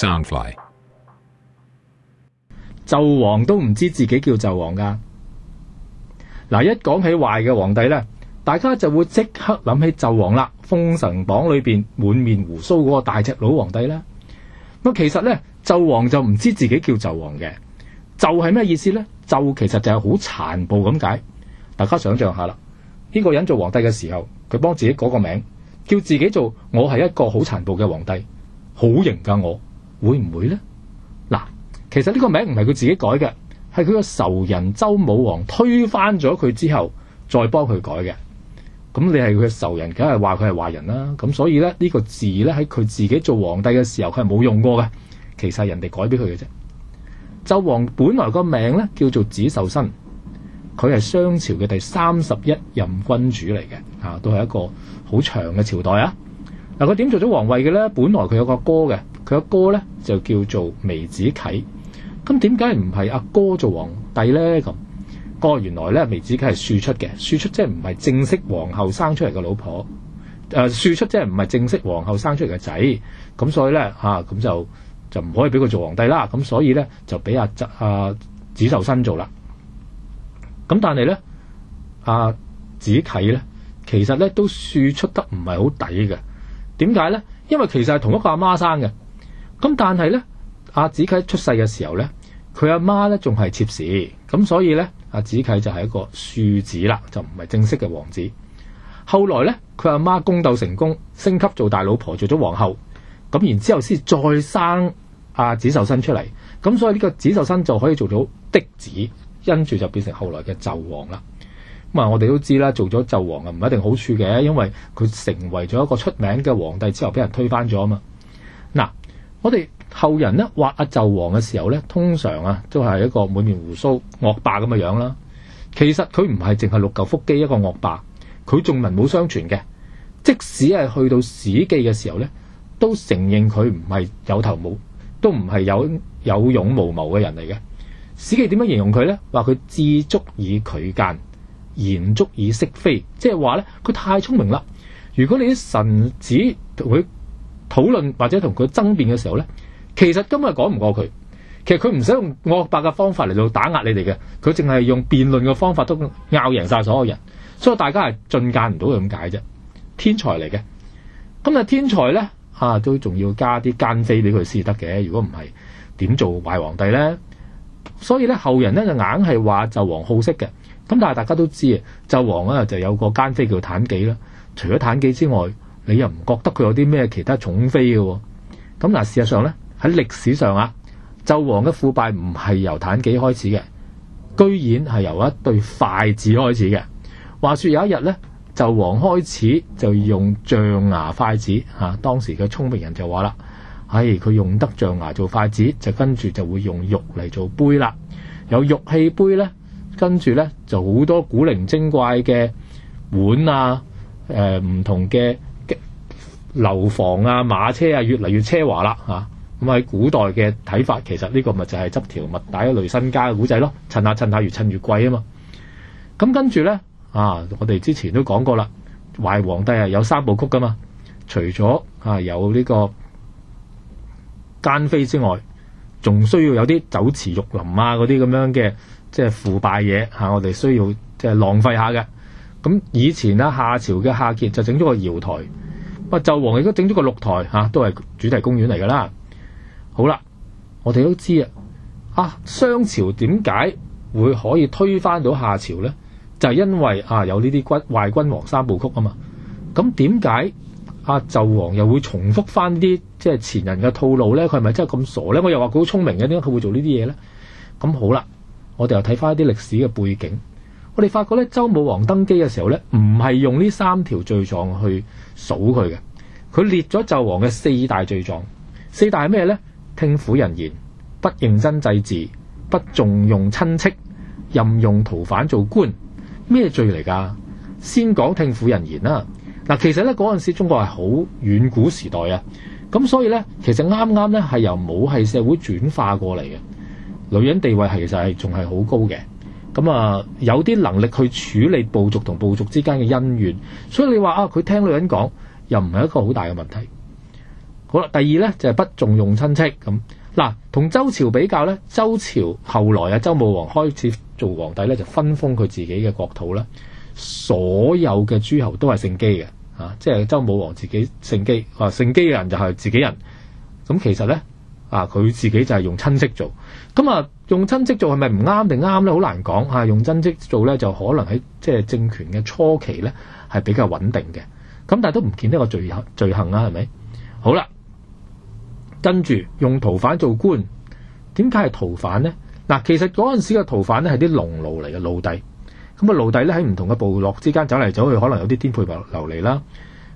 Soundfly。紂王都唔知自己叫紂王噶，嗱、啊。一講起壞嘅皇帝呢，大家就會即刻諗起紂王啦。封神榜裏邊滿面鬍鬚嗰個大隻佬皇帝咧，咁、啊、其實呢，紂王就唔知自己叫紂王嘅。紂係咩意思呢？紂其實就係好殘暴咁解。大家想象下啦，呢個人做皇帝嘅時候，佢幫自己嗰個名叫自己做我係一個好殘暴嘅皇帝，好型噶我。會唔會呢？嗱，其實呢個名唔係佢自己改嘅，係佢嘅仇人周武王推翻咗佢之後，再幫佢改嘅。咁你係佢嘅仇人，梗係話佢係壞人啦。咁所以呢，呢、這個字呢喺佢自己做皇帝嘅時候，佢係冇用過嘅。其實係人哋改俾佢嘅啫。紂王本來個名呢叫做子受身，佢係商朝嘅第三十一任君主嚟嘅，吓、啊、都係一個好長嘅朝代啊。嗱、啊，佢點做咗皇位嘅呢？本來佢有個哥嘅。佢阿哥咧就叫做微子啟，咁點解唔係阿哥做皇帝咧？咁哥，哥原來咧微子啟係庶出嘅，庶出即係唔係正式皇后生出嚟嘅老婆，誒、呃、庶出即係唔係正式皇后生出嚟嘅仔，咁所以咧吓，咁、啊、就就唔可以俾佢做皇帝啦。咁所以咧就俾阿侄阿子受辛做啦。咁但係咧阿子啟咧其實咧都庶出得唔係好抵嘅，點解咧？因為其實係同一個阿媽生嘅。咁但係呢，阿子啟出世嘅時候呢，佢阿媽呢仲係妾侍，咁所以呢，阿子啟就係一個庶子啦，就唔係正式嘅王子。後來呢，佢阿媽宮鬥成功，升級做大老婆，做咗皇后。咁然之後先再生阿子受辛出嚟，咁所以呢，這個子受辛就可以做到嫡子，跟住就變成後來嘅紂王啦。咁啊，我哋都知啦，做咗紂王啊，唔一定好處嘅，因為佢成為咗一個出名嘅皇帝之後，俾人推翻咗啊嘛。嗱。我哋後人咧畫阿紂王嘅時候呢，通常啊都係一個滿面鬍鬚、惡霸咁嘅樣啦。其實佢唔係淨係六嚿腹肌一個惡霸，佢仲文武雙全嘅。即使係去到史《史記》嘅時候呢，都承認佢唔係有頭冇，都唔係有有勇無謀嘅人嚟嘅。《史記》點樣形容佢呢？話佢智足以拒諫，言足以飾非，即係話呢，佢太聰明啦。如果你啲臣子同討論或者同佢爭辯嘅時候呢，其實根本係講唔過佢。其實佢唔使用惡霸嘅方法嚟到打壓你哋嘅，佢淨係用辯論嘅方法都拗贏晒所有人。所以大家係進諫唔到咁解啫，天才嚟嘅。咁啊，天才呢，啊，都仲要加啲奸妃俾佢先得嘅。如果唔係，點做壞皇帝呢？所以呢，後人呢就硬係話紂王好色嘅。咁但係大家都知啊，紂王啊就有個奸妃叫妲己啦。除咗妲己之外，你又唔覺得佢有啲咩其他寵妃嘅，啊？咁嗱，事實上呢，喺歷史上啊，紂王嘅腐敗唔係由妲己開始嘅，居然係由一對筷子開始嘅。話説有一日呢，紂王開始就用象牙筷子啊。當時嘅聰明人就話啦：唉、哎，佢用得象牙做筷子，就跟住就會用玉嚟做杯啦。有玉器杯呢，跟住呢就好多古靈精怪嘅碗啊，誒、呃、唔同嘅。樓房啊，馬車啊，越嚟越奢華啦吓。咁、啊、喺古代嘅睇法，其實呢個咪就係執條物帶一類身家嘅古仔咯，趁下趁下越趁越貴啊嘛。咁、啊、跟住呢，啊，我哋之前都講過啦，壞皇帝啊有三部曲噶嘛，除咗啊有呢個奸妃之外，仲需要有啲酒池肉林啊嗰啲咁樣嘅即係腐敗嘢吓、啊，我哋需要即係浪費下嘅。咁、啊、以前咧夏朝嘅夏桀就整咗個瑤台。紂王亦都整咗個六台嚇、啊，都係主題公園嚟㗎啦。好啦，我哋都知啊，啊商朝點解會可以推翻到夏朝呢？就係、是、因為啊有呢啲君壞君王三部曲啊嘛。咁點解啊紂王又會重複翻啲即係前人嘅套路呢？佢係咪真係咁傻呢？我又話佢好聰明嘅，點解佢會做呢啲嘢呢？咁、啊、好啦，我哋又睇翻一啲歷史嘅背景。我哋發覺咧，周武王登基嘅時候咧，唔係用呢三條罪狀去數佢嘅，佢列咗紂王嘅四大罪狀。四大係咩呢？聽婦人言，不認真祭祀，不重用親戚，任用逃犯做官，咩罪嚟噶？先講聽婦人言啦。嗱，其實咧嗰陣時中國係好遠古時代啊，咁所以咧，其實啱啱咧係由母系社會轉化過嚟嘅，女人地位係其實係仲係好高嘅。咁啊、嗯，有啲能力去處理部族同部族之間嘅恩怨，所以你話啊，佢聽女人講又唔係一個好大嘅問題。好啦，第二呢，就係、是、不重用親戚咁。嗱、嗯，同、嗯、周朝比較呢，周朝後來啊，周武王開始做皇帝呢，就分封佢自己嘅國土啦。所有嘅諸侯都係姓姬嘅，嚇、啊，即係周武王自己姓姬，話、啊、姓姬嘅人就係自己人。咁、嗯、其實呢。啊！佢自己就係用親戚做，咁啊用親戚做係咪唔啱定啱咧？好難講嚇。用親戚做咧、啊，就可能喺即係政權嘅初期咧，係比較穩定嘅。咁、啊、但係都唔見得個罪行罪行啦、啊，係咪？好啦，跟住用逃犯做官，點解係逃犯呢？嗱、啊，其實嗰陣時嘅逃犯咧係啲農奴嚟嘅奴隸，咁啊奴隸咧喺唔同嘅部落之間走嚟走去，可能有啲顛沛流流離啦。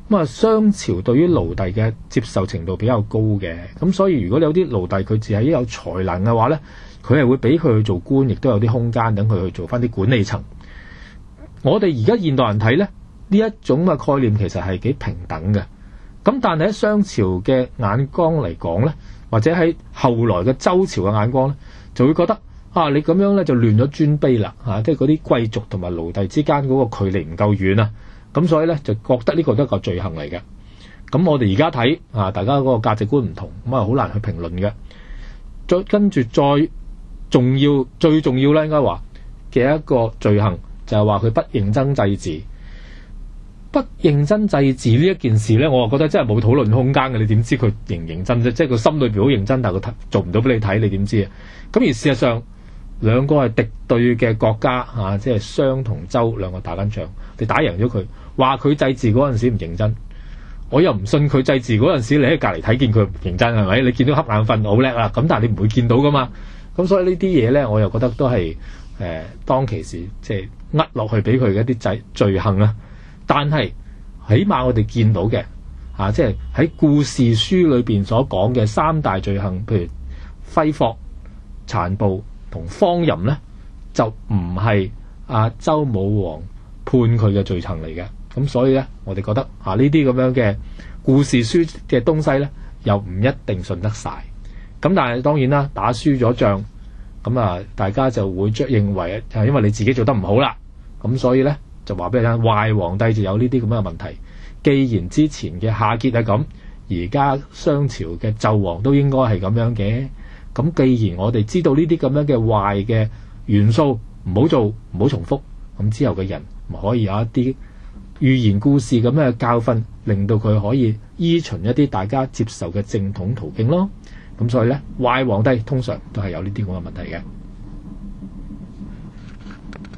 咁啊，商朝對於奴隸嘅接受程度比較高嘅，咁所以如果有啲奴隸佢自己有才能嘅話呢，佢係會俾佢去做官，亦都有啲空間等佢去做翻啲管理層。我哋而家現代人睇呢，呢一種嘅概念其實係幾平等嘅。咁但係喺商朝嘅眼光嚟講呢，或者喺後來嘅周朝嘅眼光呢，就會覺得啊，你咁樣呢就亂咗尊卑啦，嚇、啊，即係嗰啲貴族同埋奴隸之間嗰個距離唔夠遠啊！咁所以咧就覺得呢個都係個罪行嚟嘅。咁我哋而家睇啊，大家嗰個價值觀唔同，咁啊好難去評論嘅。再跟住再重要最重要咧，應該話嘅一個罪行就係話佢不認真祭祀。不認真祭祀呢一件事咧，我啊覺得真係冇討論空間嘅。你點知佢認唔認真啫？即係佢心裏邊好認真，但係佢做唔到俾你睇，你點知啊？咁而事實上。兩個係敵對嘅國家嚇、啊，即係商同周。兩個打緊仗。你打贏咗佢，話佢祭祀嗰陣時唔認真，我又唔信佢祭祀嗰陣時。你喺隔離睇見佢唔認真係咪？你見到瞌眼瞓好叻啦、啊，咁但係你唔會見到噶嘛。咁所以呢啲嘢呢，我又覺得都係誒、呃、當其時即係呃落去俾佢嘅一啲罪罪行啦。但係起碼我哋見到嘅嚇、啊，即係喺故事書裏邊所講嘅三大罪行，譬如揮霍殘暴。同方淫咧就唔係阿周武王判佢嘅罪行嚟嘅，咁、啊、所以咧我哋覺得嚇呢啲咁樣嘅故事書嘅東西咧又唔一定信得晒。咁、啊、但係當然啦，打輸咗仗咁啊，大家就會認為係、啊、因為你自己做得唔好啦，咁、啊、所以咧就話俾你聽，壞皇帝就有呢啲咁嘅問題。既然之前嘅夏桀係咁，而家商朝嘅紂王都應該係咁樣嘅。咁既然我哋知道呢啲咁樣嘅壞嘅元素唔好做，唔好重複，咁之後嘅人咪可以有一啲寓言故事咁樣嘅教訓，令到佢可以依循一啲大家接受嘅正統途徑咯。咁所以咧，壞皇帝通常都係有呢啲咁嘅問題嘅。